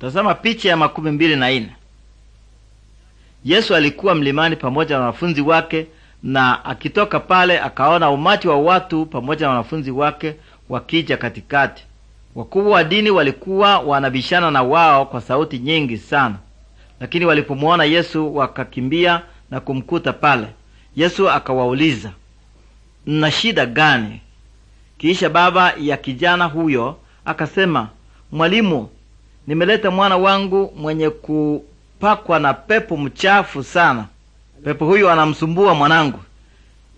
Tazama picha ya makumi mbili na nne. Yesu alikuwa mlimani pamoja na wanafunzi wake, na akitoka pale akaona umati wa watu pamoja na wanafunzi wake wakija katikati. Wakuu wa dini walikuwa wanabishana na wao kwa sauti nyingi sana, lakini walipomwona Yesu wakakimbia na kumkuta pale. Yesu akawauliza, mna shida gani? Kisha baba ya kijana huyo akasema, Mwalimu, nimeleta mwana wangu mwenye kupakwa na pepo mchafu sana. Pepo huyu anamsumbua mwanangu,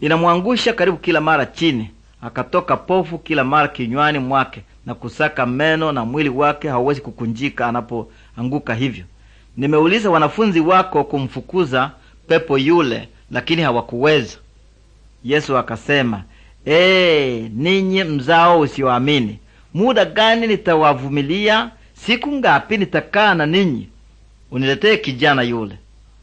inamwangusha karibu kila mara chini, akatoka pofu kila mara kinywani mwake na kusaka meno, na mwili wake hauwezi kukunjika anapoanguka hivyo. Nimeuliza wanafunzi wako kumfukuza pepo yule, lakini hawakuweza. Yesu akasema, ee, ninyi mzao usioamini, muda gani nitawavumilia? siku ngapi nitakaa na ninyi uniletee kijana yule?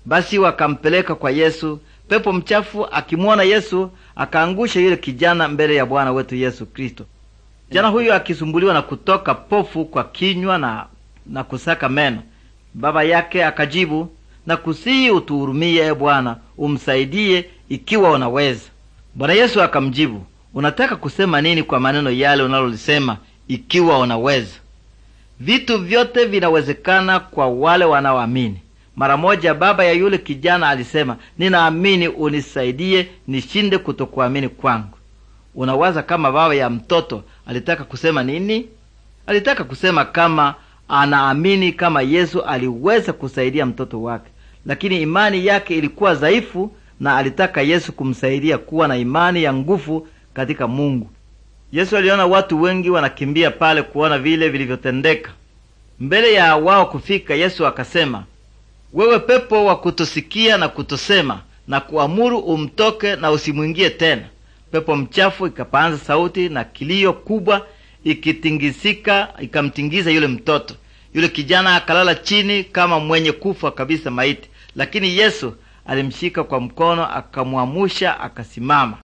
Basi wakampeleka kwa Yesu. Pepo mchafu akimwona Yesu akaangusha yule kijana mbele ya Bwana wetu Yesu Kristo. Kijana huyo akisumbuliwa na kutoka pofu kwa kinywa na, na kusaka meno. Baba yake akajibu na kusihi, utuhurumie ee Bwana, umsaidie ikiwa unaweza. Bwana Yesu akamjibu, unataka kusema nini kwa maneno yale unalolisema, ikiwa unaweza? Vitu vyote vinawezekana kwa wale wanaoamini. Mara moja baba ya yule kijana alisema, ninaamini, unisaidie nishinde kutokuamini kwangu. Unawaza kama baba ya mtoto alitaka kusema nini? Alitaka kusema kama anaamini kama Yesu aliweza kusaidia mtoto wake, lakini imani yake ilikuwa dhaifu, na alitaka Yesu kumsaidia kuwa na imani ya nguvu katika Mungu. Yesu aliona watu wengi wanakimbia pale kuona vile vilivyotendeka. Mbele ya wao kufika, Yesu akasema, wewe pepo wa kutosikia na kutosema na kuamuru umtoke na usimwingie tena. Pepo mchafu ikapaanza sauti na kilio kubwa, ikitingisika ikamtingiza yule mtoto. Yule kijana akalala chini kama mwenye kufa kabisa, maiti. Lakini Yesu alimshika kwa mkono, akamwamusha, akasimama.